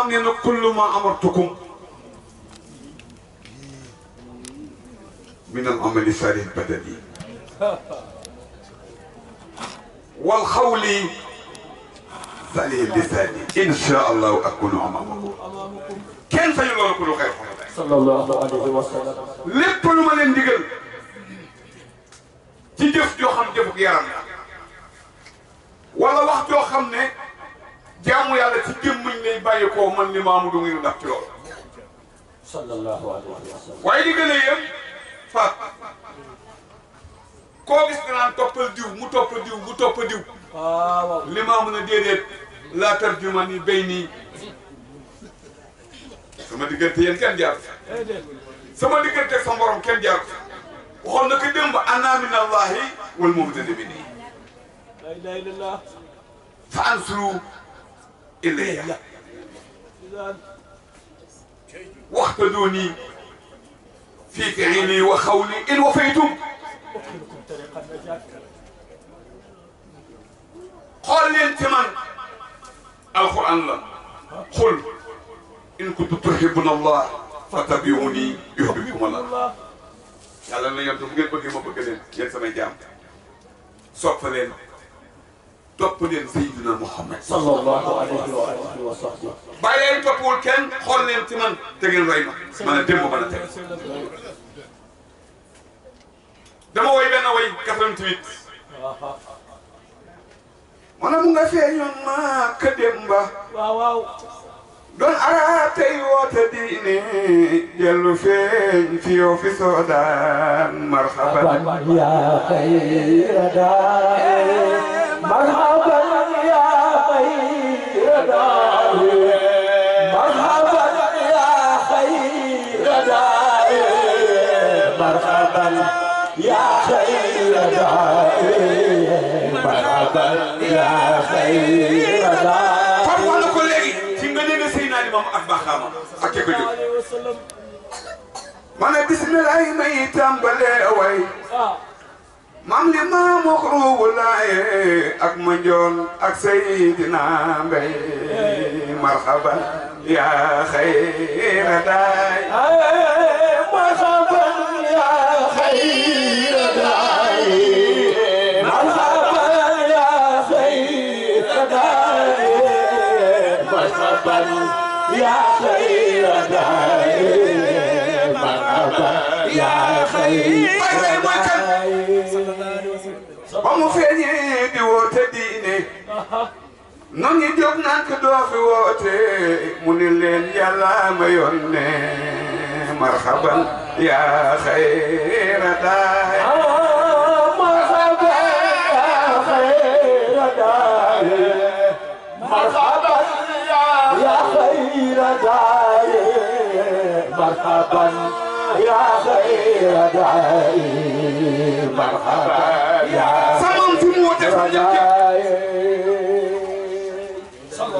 أنا nee na kullu ma من العمل الصالح البدني والخول صالح اللسان ان شاء الله اكون امامكم كان سيقول كل خير صلى الله عليه وسلم لب لو ما لين ديغل ci jëf يا xam jëfuk yaram la wala wax jaamu yàlla ci jëmmuñ lay bàyyeekoo man li du muy ndax ci loolu. wa sallam. waaye li gën yem Fatou koo gis danaan toppal diw mu toppal diw mu toppal diw. Ah, waaw li maamu ne déedéet laa tarjuma ni béy nii sama diggante yéen kenn jaar sama diggante sa morom kenn jaar waxoon na ko démb ana min allahi wal mubtadi bi nii. la ilaha إلي واقتدوني في فعلي وخولي إن وفيتم قال لي أنت من القرآن لا قل إن كنتم تحبون الله فاتبعوني يحببكم الله yàlla na yontu bu ngeen bëggee ma bëgg leen yéen samay jaam sopp leen topp leen sayyidina Muhammad sallallahu alayhi wa alihi wa sahbihi bàyyi leen toppul kenn xool leen ci man te ngeen roy ma man a démb man a teg dama woy benn woy 88 maanaam mu nga feeñoon maa ka dem ba waaw waaw doon araa tey woote diine dellu feeñ fi yow fi soo daan marhaban yaa xayra daa ma ne bisimilah yi may tàmbalee way mam li ma mu xurubu laaye ak ma njool ak sayidina mbay marxaban yaa xayra daay feeñee di woote diine noon ñi jóg naan ko woote mu ni leen yàlla ma yónne marhaban yaa xayra daay مرحبا يا خير داعي مرحبا يا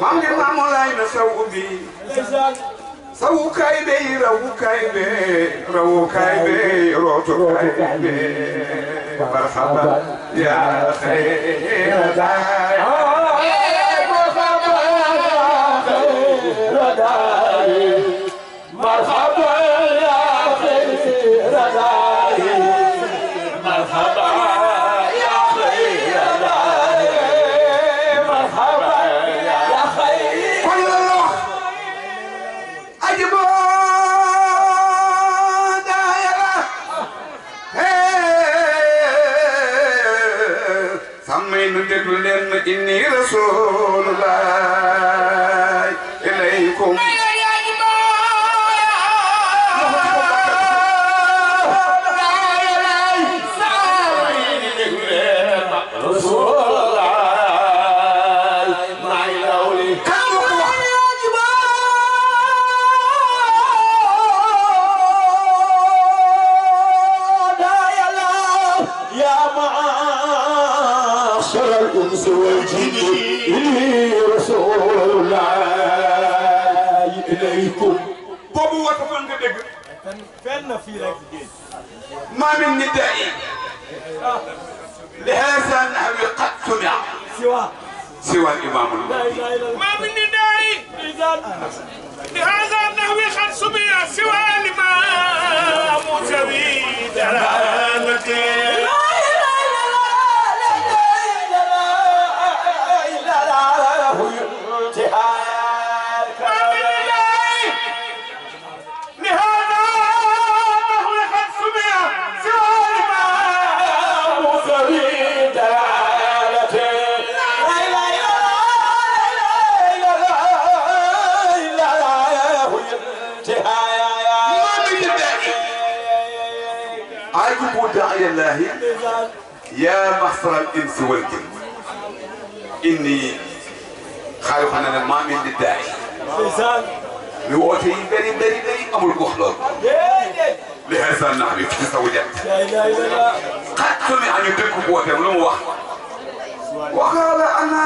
mamdi mamolaina sawuɓi sawu kayɓe rawu kayɓe rawu kayɓe roto kayɓe marhaba ya hayra nu déglu leen inni rasulullah ilaykum فن في ما من نداء لهذا النحو قد سمع سوى سوى الإمام الله ما من نداء لهذا النحو قد سمع سوى الإمام الله يا محصر الانس والجن اني خالق انا ما من الداعي بوتي بري بري بري ابو الكحلور لهذا النبي في سوجات قد سمع ان يدركوا قوتهم لهم وقال انا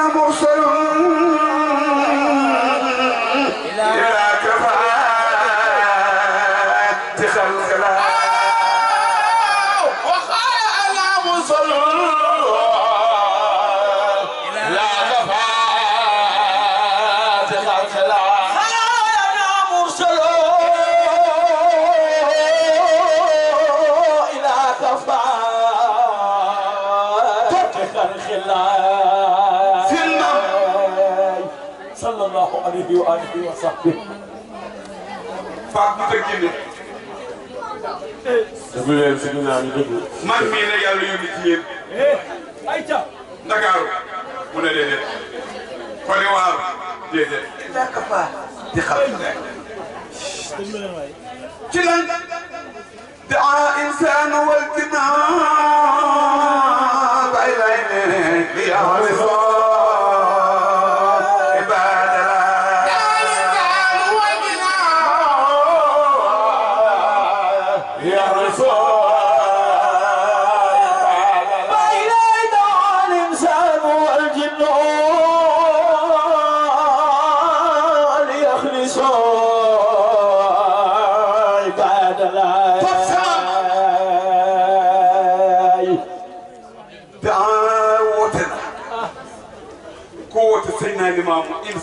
alihi wa alihi wa sahbihi Pape Moussa Guèye. déglu leen si ginnaaw ñu déglu. man mii la yàlla yónni ci yéen. Eh, Ndakaaru mu ne déedéet. Côte d'Ivoire déedéet. Dakar di xam ne. ci lan. daa insaanu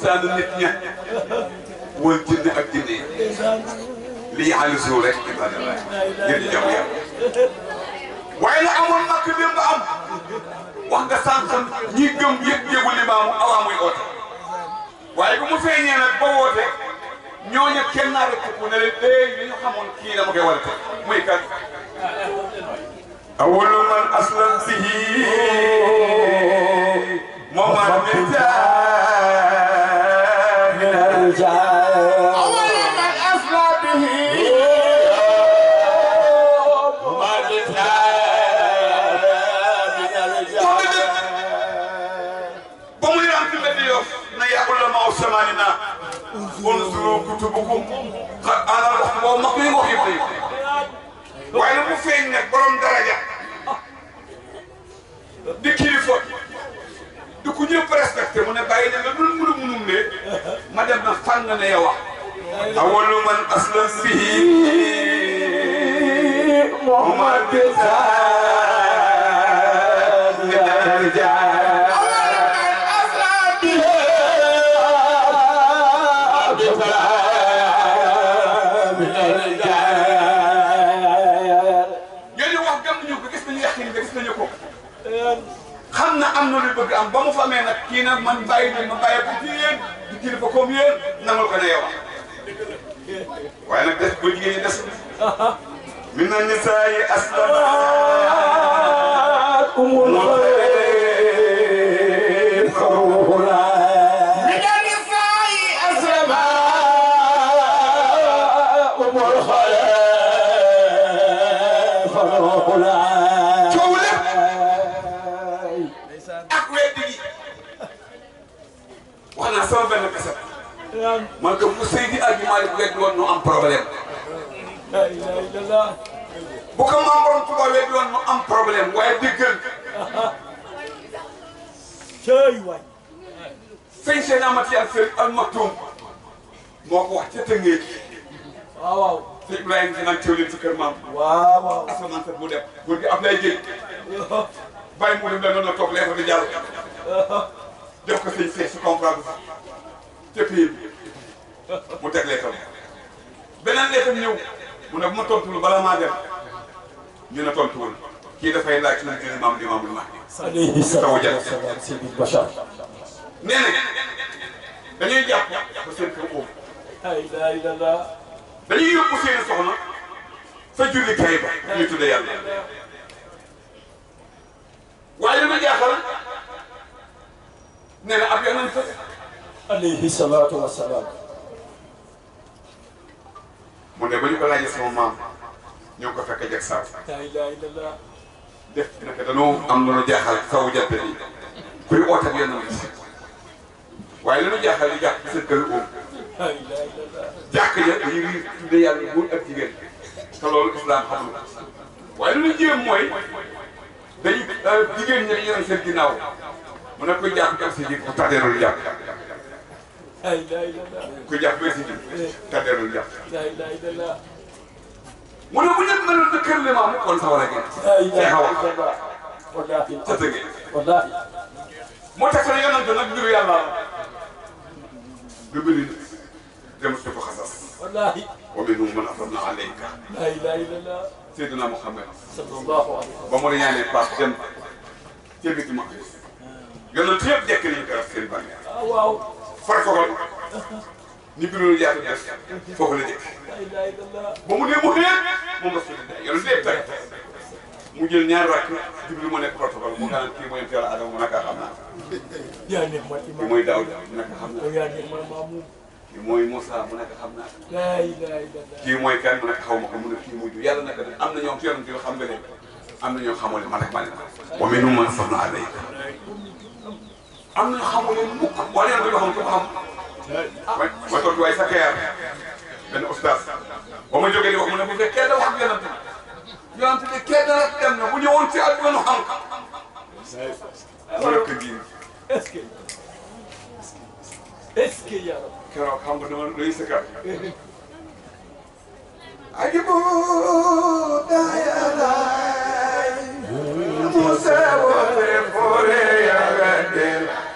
waxtaanu nit ña wal jinne ak jinne lii xaalis suuf rek ibadallah ngir jam yàlla waaye la amoon màkk démb am wax nga sànq ñi gëm yëg-yëgu limaamu allah muy oote waaye bu mu feeñee nag ba woote ñooñu kenn naa rek tukku ne leen dee li ñu xamoon kii dama koy war a teg muy kat أول من أسلم به محمد kutubukum xanaa wax boobu mag mi wax yëpp waaye nag bu feeñ nag borom daraja di kilifa di ku ñëpp respecté mu ne bàyyi na nga dul munu munum ne ma dem na fànn ne yow wax awalu man aslam bihi muhammad bëgg am ba mu fa amee nag kii nag man bàyyi nañ ma bàyyi ko ci yéen di kilifa comme yéen nangal ko ne yow waaye nag des ba jigéen ñi des min na nisaa yi aslan umul sama benn kaset man ko bu Seydi Aji Malick weddi woon nu am problème bu ko maam borom Tuubaa weddi woon nu am problème waaye dëggal cëy waay sëñ seen amati ak sëñ al maktum moo ko wax ca tëngéej waaw waaw sëñ Ibrahima dinaan teew leen si kër maam waaw waaw asamaan sa bu dem góor gi Ablaye Dieng bàyyi mu dem la noonu la toog leer di jàll jox ko sëñ Seex su comprendre ca pays bi mu teg leetam beneen leetam ñëw mu ne bu ma tontuwul bala maa dem ñu ne tontuwul kii dafay laaj suñu jëli maam di maamul Mahdi. alayhi salaatu wa salaam Seydi Bachar. nee na dañuy jàpp ba seen kaw oom. dañuy yóbbu seen soxna sa julli kay ba ñu tuddee yàlla. nee na ab yonent alayhi salaatu wa salaam mu ne ba ñu ko laajee sama maam ñoo ngi ko fekk jag saabu. la ilaha illallah. def bi nag danoo am lu nu jaaxal kaw jant bi kuy oote ak yonent waaye li nu jaaxal li jàpp sa kër oom. la ilaha illallah. ja dañuy riir tudde yàlla góor ak jigéen te islam xamul waaye li nu jéem mooy dañuy euh, jigéen ñi dañuy yore seen ginnaaw. mu ne kuy jàpp merci ji ku tàddeerul jàpp kuy jàpp merci ji tàddeerul jàpp mu ne bu ñëpp meloon na kër li kon sa war a génn ceexa wax sa tëgge moo tax ne yonante nag mbiru yàlla du mbiri dem su ko xasas wa minhum man afradna alayka la ilaha illallah Seydina Muhammad sallallahu alayhi ba mu la ñaanee paas dem jëgg ci ma yonent yëpp dekk nañu garab seen bàmmeel ah, waaw far ko ni biroolu yaatu def foofu la jëkk ba mu ne mu xëyee moom rasulillah yonent yëpp mu jël ñaari rakk Jibril moo nekk protocole mu naan kii mooy yàlla Adama mu naka xam naa kii mooy mu naka xam naa kii mooy Moussa mu xam naa kii mooy kan mu xaw ma ko mu ne kii mujj yàlla naka ne na ñoom ci yonent xam nga am na ñoo xamoo ne man ak man wa minhum man asna'naa alayka am na xamu leen mukk boo leen ko joxoon ku ko xam. ma ma tontu waay sa keer benn oustaz ba ma jógee di wax mu ne bu fekkee da wax ak yonante yonante de kee dara dem na bu ñëwoon ci àdduna nu xam. wala kër gi. est-ce que est-ce que yàlla. keroog xam nga dama doy sa kër. أجبوا دايا موسى وفي فوري يا غدل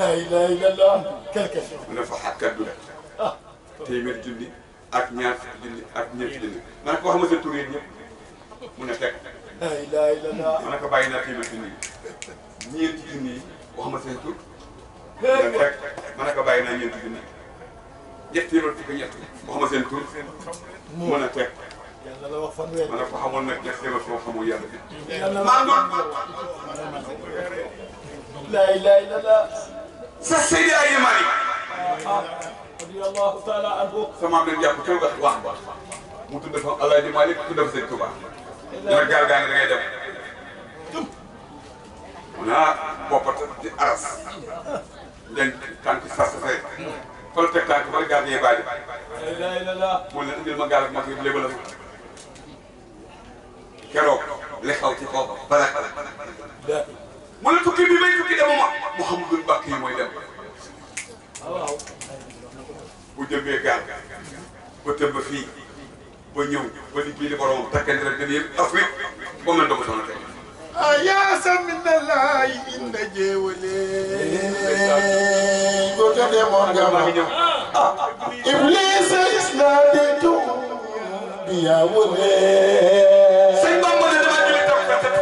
la ilaha illallah quelque mu ne fa xàkkat du téeméer junni ak ñaar fukki junni ak ñetti junni ma ne ko wax ma sa tur yéen ñëpp mu ne teg la ilaha illallah ma ne ko bàyyi naa téeméer junni yi ñeenti junni yi wax ma seen tur mu ne teg ma ne ko bàyyi naa ñeenti junni ñett téeméer fukki ñett wax ma seen tur mu ne teg yàlla la wax fanweer ma ne ko xamoon nag ñett téeméer foo xamul yàlla bi maa ndoon la ilaha illallah Seex Seydi Aji Maalik radiyallahu taala anhu sama am leen jàpp tooga wax ba mu tudd fa Alaaji Maalik tudd fa Sëñ Tuuba dina gaal gaa ngi da ngay dem mu ne ah boppat di aras den tànk sas fay fa la teg tànk bala gaal yee bàyyi mu ne indil ma gaal ak mag yi léegi la keroog li xaw ci xaw mu ne tukki bi may tukki demuma tëbb fii ba ñëw ba liggéey li borom takkante rek dana yëpp Afrique ba mën doomu soxna tey ayaasa min allahi inna jeewale goto demoon gama iblisa isnade tum biyawole sëñ bamba ne dama juli taw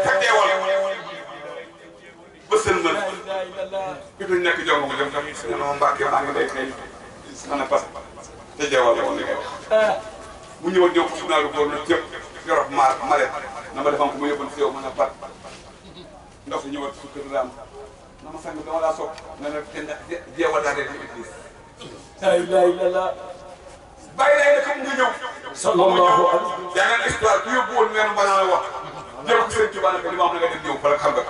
taggeewal ba sën mën bi duñ nekk jongo dem tam sama mbàkke maa ngi lay tey sama pas te jawwal ko li nga wax. bu ñëwoon ñëw fukki naa lu góor na ma defam ko ma yóbbu si yow mën a bat ndox mi ñëwaat su kër raam na ma sànq dama laa soog nga ne te jeewal laa dee ci iblis. la ilaha illallah. bàyyi lay na nga ñëw. sallallahu alayhi yaa ngeen histoire bu yóbbu woon ngeen banaa wax jël ko sëñ Tuubaa nag li ma am na nga dem ñëw bala xam nga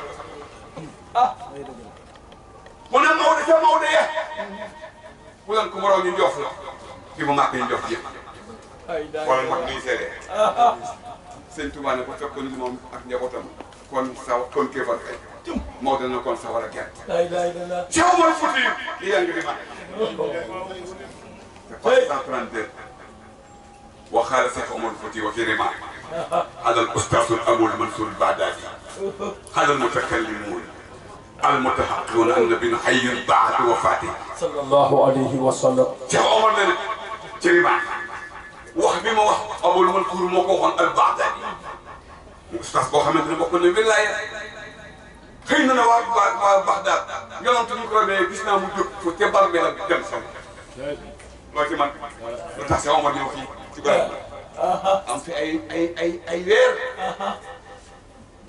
ah. mu ne Maodo ca Maodo ye ku leen ko moroom ñu jox la bi ma màgg leen jox yëpp xoolal mag muy seere sëñ Tuubaa ne ko fekkoon ni moom ak njabootam kon saw kon kéefal kay moo dana kon sawar a gerte ci Omar Fouti yi yaa ngi di màgg c'est pas 132 waxaale Cheikh Omar Fouti wa fi rima ala al ustaas al amul mansuur al baadaadi ala al mutakallimuun المتحقون ان بن حي بعد وفاته صلى الله عليه وسلم شيخ عمر تريبا واخ بما واخ ابو المنكور مكو خون البعداني استاذ بو خامتني بو كن ولاية خينا نوا بغداد يلون تو نكرو بي غيسنا مو جوك فو تيبال بي لا ديم سون لو تي مان لو تا سي عمر ديو في تي غرا ام في اي اي اي اي وير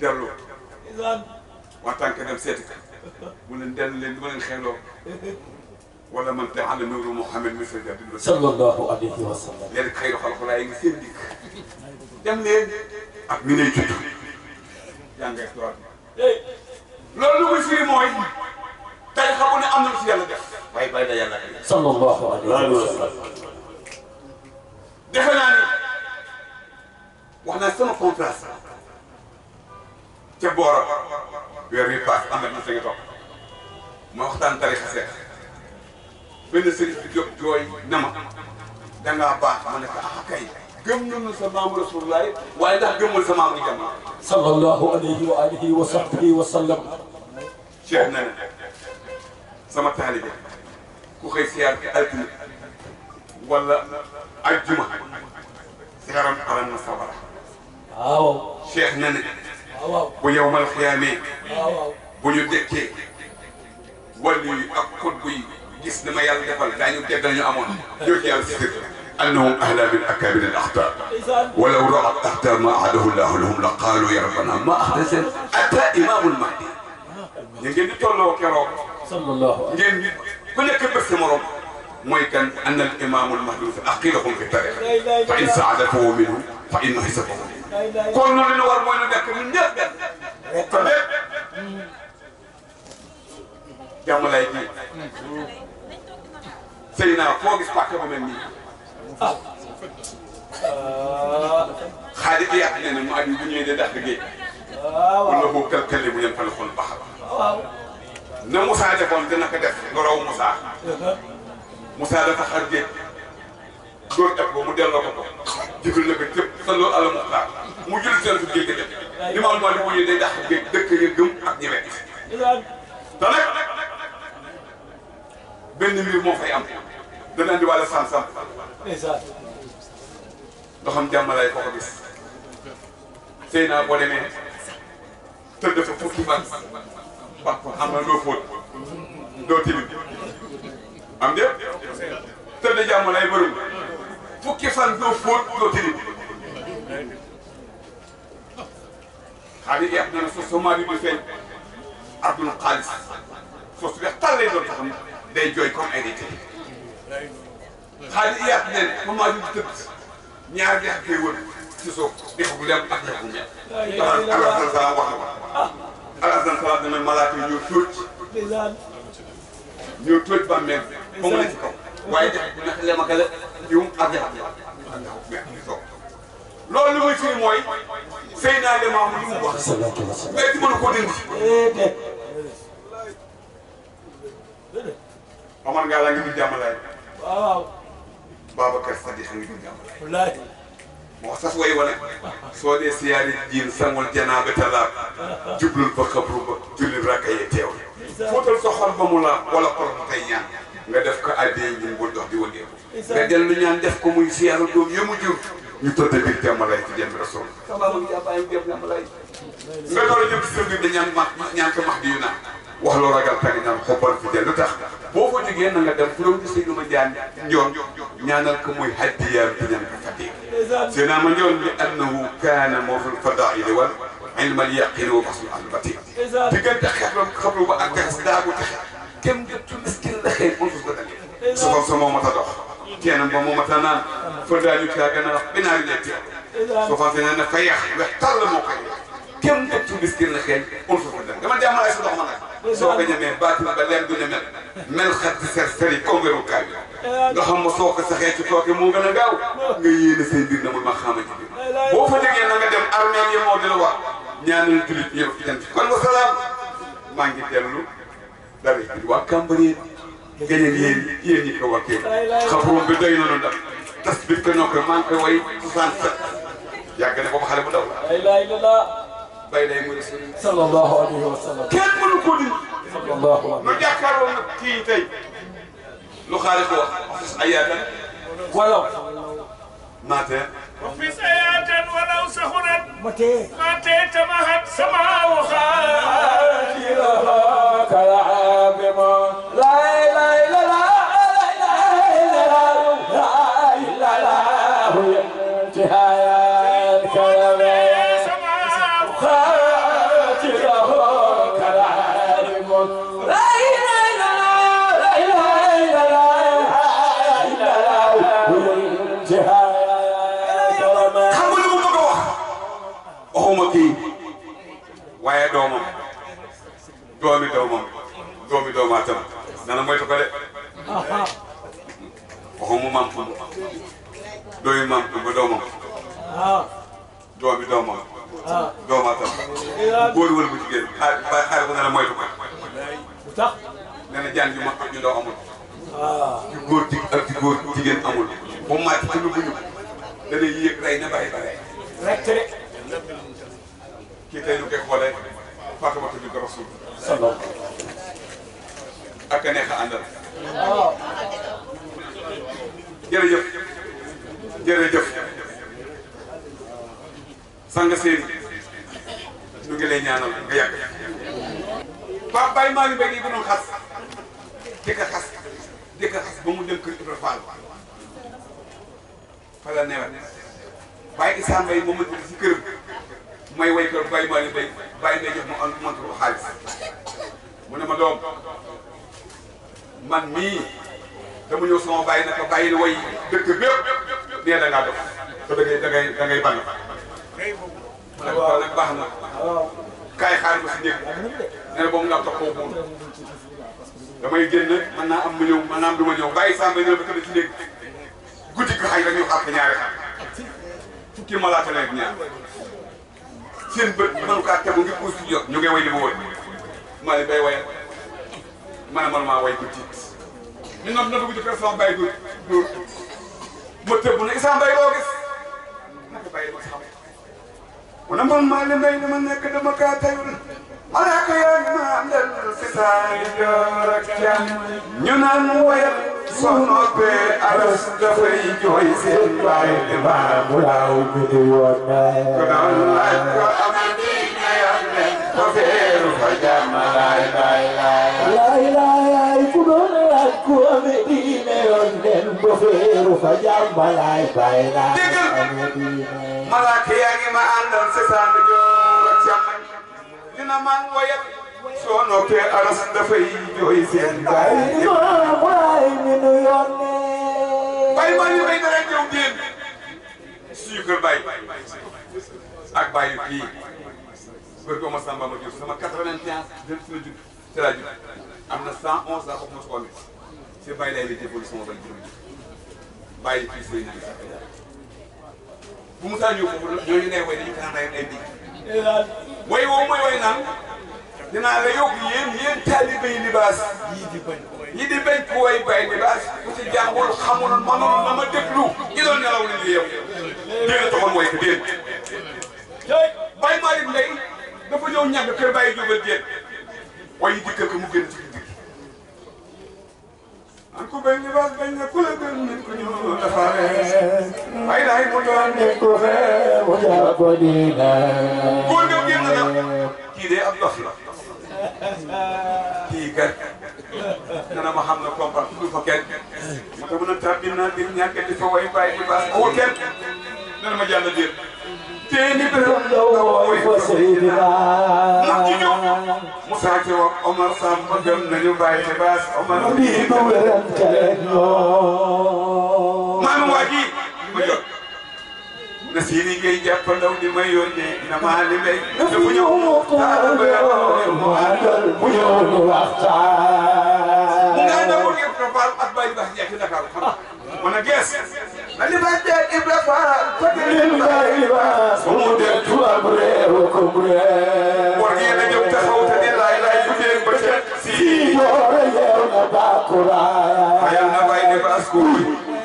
ديرلو اذن واتان كدم سيتك مولن دن لين مولن خيلو ولا من تعلم نور محمد مثل جبريل صلى الله عليه وسلم يا خير خلق الله يجي لك دم لين اك مين إيه جيتو يا نغي إيه تور إيه؟ لولو مي في موي تاي خاوني امنا نعم في يالا ديف باي باي دا يالا صلى الله عليه وسلم دخلاني يعني. وحنا سنو كونتراس تبورا ويري باس امنا في يالا ما وقتان تاريخ سيخ ben sëriñ bi jóg jooy nama da nga ba ma ne ko ah kay gëm nu sa maam rasulullah waaye ndax gemul sa maam di jàmm. sallallahu alayhi wa alihi wa sahbihi wa sallam. Cheikh na sama talib ku xëy siar ci altine wala aljuma siaram ala nasabara sabara. waaw. Cheikh na ne. waaw bu yowmal khiyamé waaw bu ñu dekké wali yi ak xutbu yi. gis na ma yàlla defal daañu tedd nañu amoon jooju yàlla أنهم أهلا من أكابر الأخطار ولو رأى الأخطار ما أعده الله لهم لقالوا يا ربنا ما أحدث أتى إمام المهدي نجد تولو رب صلى الله عليه وسلم كل بس مرم ميكن أن الإمام المهدي أقيلهم في التاريخ فإن سعدته منه فإن حسبه منه كل من ورمون ذاك من نفسك فبيب يا ملايكي Seydina foo gis pàkk bu mel nii ah. xaaral bi yàq nee na mu àdduna bu ñëwee de ndax liggéey. waaw waaw wala boo kalkale bu ngeen fa la xool baax la. waaw. na Moussa defoon dina ko def gorow Moussa. Moussa dafa xar géej. góor def ko mu delloo ko ko. jëfal na ko jëpp sa loolu ala Moussa mu jël seen su géej gi def. li ma am ma li mu ñëwee day ndax géej dëkk ya gëm ak ñebe. dëgg la. benn mbir moo fay am dana andi wàllu san-san. nga xam jàmm laay ko ko gis. sëy naa boo demee tëdd fukki fan bàq am na doo fóot doo am déet tëdd jàmm laay fukki fan doo fóot doo tilim xaalis yàq na ne sos soo maa di feeñ àdduna xaalis sos weex tàllee doon taxam day jooy comme ay nit yi xaalis yàq neen moment bi tëdd ñaar ñax koy wër ci suuf def bu lem ak ñax bu ñax daxan alasan salaam wax na ko alasan salaam dana malaaka yi ñoo tóoj ñoo tóoj ba mel ba mu ne ci kaw waaye def bu ñax lem ak la jiwum ak ñax ak ñax bu soog loolu li ma ci mooy sëy naa lemam li mu wax mais ci mën a ko dindi Omar Ngalla ngi ñu jàmmalaay. waaw. Babacar Sadikh ngi ñu jàmmalaay. mo moo sas way wala so de siyari jiin sangol janaba tala jublul ba xabru ba julli rakay ya teew fotal so xam ba mu la wala ko mu tey ñaan. nga def ko adé ñu bu dox di wone nga del lu ñaan def ko muy siyaru doom yemu ya jur. ñu tote bi jamalay ci jëm rasul. sababu jàmbaayam jëm jàmmalaay. nga door a ñëw ci sëñu bi ñaan ma ñaan ko mahdi di yu naan. wax lo ragal tàng ñaan xobal fi jël lutax boo fa jógee na nga dem fu doon Seydou Mandiane Ndiol ñaanal ko muy haddiya bi ñaan ko Fatick Seydina ma Ndiol li annahu kaana moo fi fadaili wal ilm al yaqin wa basl al batin diggante xeblam xablu ba ak gas daagu taxe kem jottu miskin la xëy on fus ko dale sobam sa moo mata dox teenam ba moo mata naan fëdaañu taa gën a wax binaari ñetti sofa se ne na fa yax wex tàll moo koy kem مسكين لخير قول في فردان كما جامعة عيسو دخمان سوف بنيامين بات ما بلين بنيامين من خد سر سري كوبي روكاي دخم يعني. مسوك سخيت سوك موغا نغاو نيين سيدين نمو مخاما جدي بو فجيجي نغا جم أرمين يمو دلوا نيامين تلت يرو في جنتي كون وسلام مانجي تلو داري تلوا كامبرين جاني لين يين يكو وكيو خفرون بدينو نندا تسبب كنوك مانكو وي سوسان سر يا كنا بخاري بدو لا إله إلا الله bay day mu rasul sallallahu alayhi wa sallam kenn mënu ko di sallallahu alayhi lu jàkkaarloo nag kii tey lu xaaliku wax office ayaatan walaw maatee office ayaatan walaw saxunat matee matee tamahat sama waxaati laha kalaamema xam nga li mu bëgg wax waxuma kii waaye doomam doomi doomam doomi doomaatam nana moytu ko de doomi maam kumba doomi doomam doomaatam góor wala bu jigéen nana jaan ju mag ak ju ndaw amul ju amul ba mu màcc ci lu bëri da yéeg rey na bàyyi ba rek ci kii tey ñu koy xoolee Fatimatu bint Rasul. sallallahu alayhi wa ak a neex a àndal. waaw. Oh. jërëjëf. jërëjëf. sanga seen ñu ngi lay ñaanal nga yàgg. Pape Baye maa ngi bëgg yi bu doon xas. di xas di xas ba mu dem kër Ibrahima Fall. fa la newet bàyyi Issa Mbaye moom lañ si këram mooy way kër bàyyi maa ni bay bàyyi may jox ma am montre xaalis mu ne ma doom man mii dama ñëw sama bàyyi naka bàyyi way dëkk bépp nee da ngaa dof te da ngay da ngay da ngay bànn baax na kaay xaar ma si néeg nee na boobu nga topp koo buun damay génn mën naa am mu ñëw mën naa am du ñëw bàyyi Issa Mbaye ñëw ba tëdd si néeg guddi gi xay la ñu xaar ñaari xaar fukki malaaka lay ñaar seen bët mënu kaa tegu ngir puus jot ñu ngi way li mu woy ma ne bay wayal ma ne man maa way guddi ñu nopp nopp guddi personne bàyyi góor góor ma tëbb ne isaan bay loo gis naka bàyyi ma xam wala man maa li mbay dama nekk dama kaa tayul malaaka yaa ngi ma àndal si saa yi joor ak jàmm ñu naan wayal soxna bee aras dafay jooy seen baay di baara bu laaw bi di woon kon laaj ko am na yam ne ko feeru fa jàmm laay laay laay laay laay laay ku doon laaj ku ame diine yoon leen ko feeru fa jàmm laay laay laay ame diine malaaka yaa ngi ma àndal sesaan joo càmm dina man woyal so noppee aras dafay jooy seen baay imaam waay mi nu yónnee bay ma ñu bay dara ñëw déen suñu kër bay ak bàyyi kii bër ko ma ma jur sama 95 dem suma jur ci laa jur am na na bu mu saa ñëw foofu ñooñu ne way dañu kanam ay ay dig way way naan dinaa la yóbbu yéen yéen taalibay libaas yii di bañ yii di bañ ku way bay libaas ku ci jàngul xamul mënul na ma déglu ñi doon nelaw li li yow déen taxoon way ko déen bay Malick Ndeye dafa ñëw ñàgg kër bàyyi jógal déen way yi dikkal ko mu gën ci an ko ku la mu doon ko xeew ja kii kat dana ma xam ne ku fa kenn ma ko mën a tar bi naa bir ñàkk di way bàyyi di baax awul kenn dana ma jàll déet teeni bërëb nga woy fa Seydina ndax ci ñëw Moussa ci wax Omar Samb gëm nañu bàyyi di baax Omar bii ma wérante ak ñoom man waa ji نسيني كي جاب لو دي ما يوني نما لي بي نفيو قلب المعدل ميون واختار انا بقول لك بروفال اباي بحجي في دكار وانا جاس اللي بدي اجيب لك فكر الغيبه صمود التوابره وكبره ورجينا جبت خوت دي لا اله الا الله بشر سي يا باكورا يا نباي نباسكو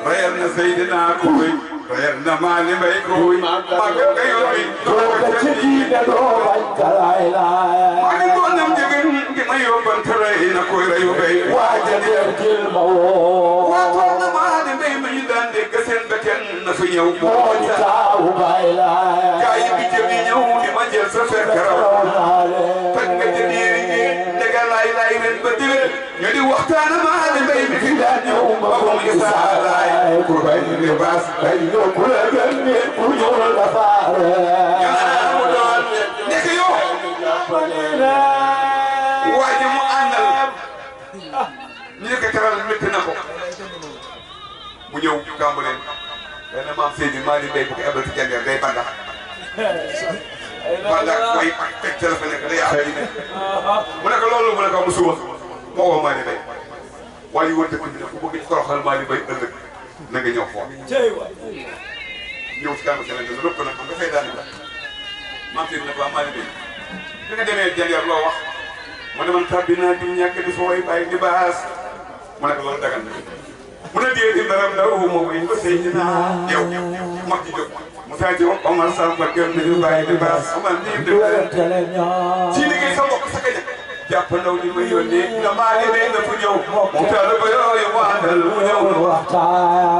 ريال سيدنا كوي doyal na maa li may ruuy màgg nga yooy doo ca diine doo bañ talaay laay ma ni doon nam jigéen ngi ma yóbban talay na koy rayu bay waaja leer gil ma woo waatoon na maa di mbay ma ñu daan dégg seen beten na fi ñëw moo ñu taawu bay laay gaa yi bi jëm yi ñëw di ma jël sa fekk raw tag nga jël ilaha illa ba déwén ñu di waxtaana maa di mbay mi fi daan ñëw ma ko ngi saalaay ku bay ni baas bay ñu ku la gën ni ku ñu la faare ñaanaa mu doon nekk yow waa ji mu àndal ñu ne ko teral métti na ko mu ñëw tàmbalee benn maam Seydou maa di mbay bu ko ebal ci jandeer day bandax walla way tegtal fa nekk day am diine mu nekk loolu mu nekk am suba moo ko maani bay waaye wër dëkk bi ne ku bëgg toroxal maani bay ëllëg na nga ñëw xool ñëw si kàmm si lañ def lépp nag nga bi nga demee Jandeer loo wax mu ne man tàbbi naa mu nekk a la dee di dara ndaw ma wéy ba sëy dinaa yow mag ji jóg Moussa Diop Omar Samba Kër bi di baas Omar nii di ci liggéey sa di dee na fu ñëw moom taal ba mu àndal mu ñëw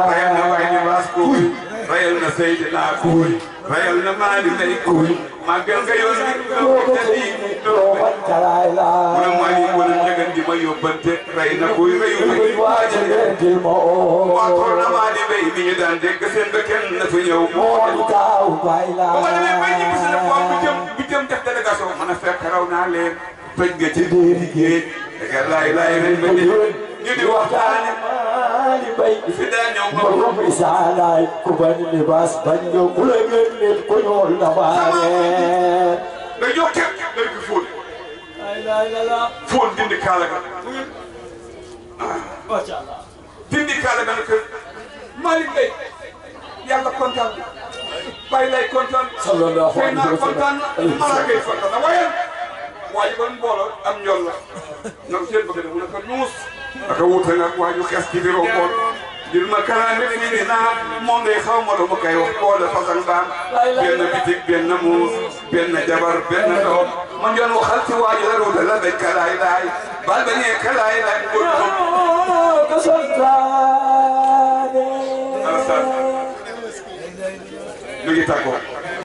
rayal na bàyyi di baas kuuy rayal na sëy dinaa kuuy rayal na maa di kuuy màggal nga yoon wi toog ca lii toog mu ne maa ngi wala njëgan di ma yóbbante rey na kuy reyu bi waaw na maa di béy mi daan dégg seen kenn na fi ñëw moo taw ba ma demee bay ñibbi si ne foofu bu jëm bu jëm def délégation mën a fekk raw naa leen tëj nga ci biir géej da nga laay laay rek ba ñu li bay borom isaalaay ku bañ libaas bañ nga ku la gën leen ku ñuul la baaree nga yokke nga yokki fóon fóon dindi kaala ga dindi kaala ga nag Malick Bay yàlla kontaan bay lay kontaan sallallahu alayhi wa sallam kontaan mala ngay kontaan waaye waaye ban mbooloo am ñool la ñoom seen bëgg na mu ne ko ñuus aka wuute nag waa ju xees ci biir bool dil ma kalaame fii di naan moom day xaw ma lu ma koy wax boole fasan baan benn bitig benn muus benn jabar benn doom man yoon waxal ci waa ju la la dañ kalaay laay bal bañee kalaay laay ngóor ko santaane mi ngi tàggoo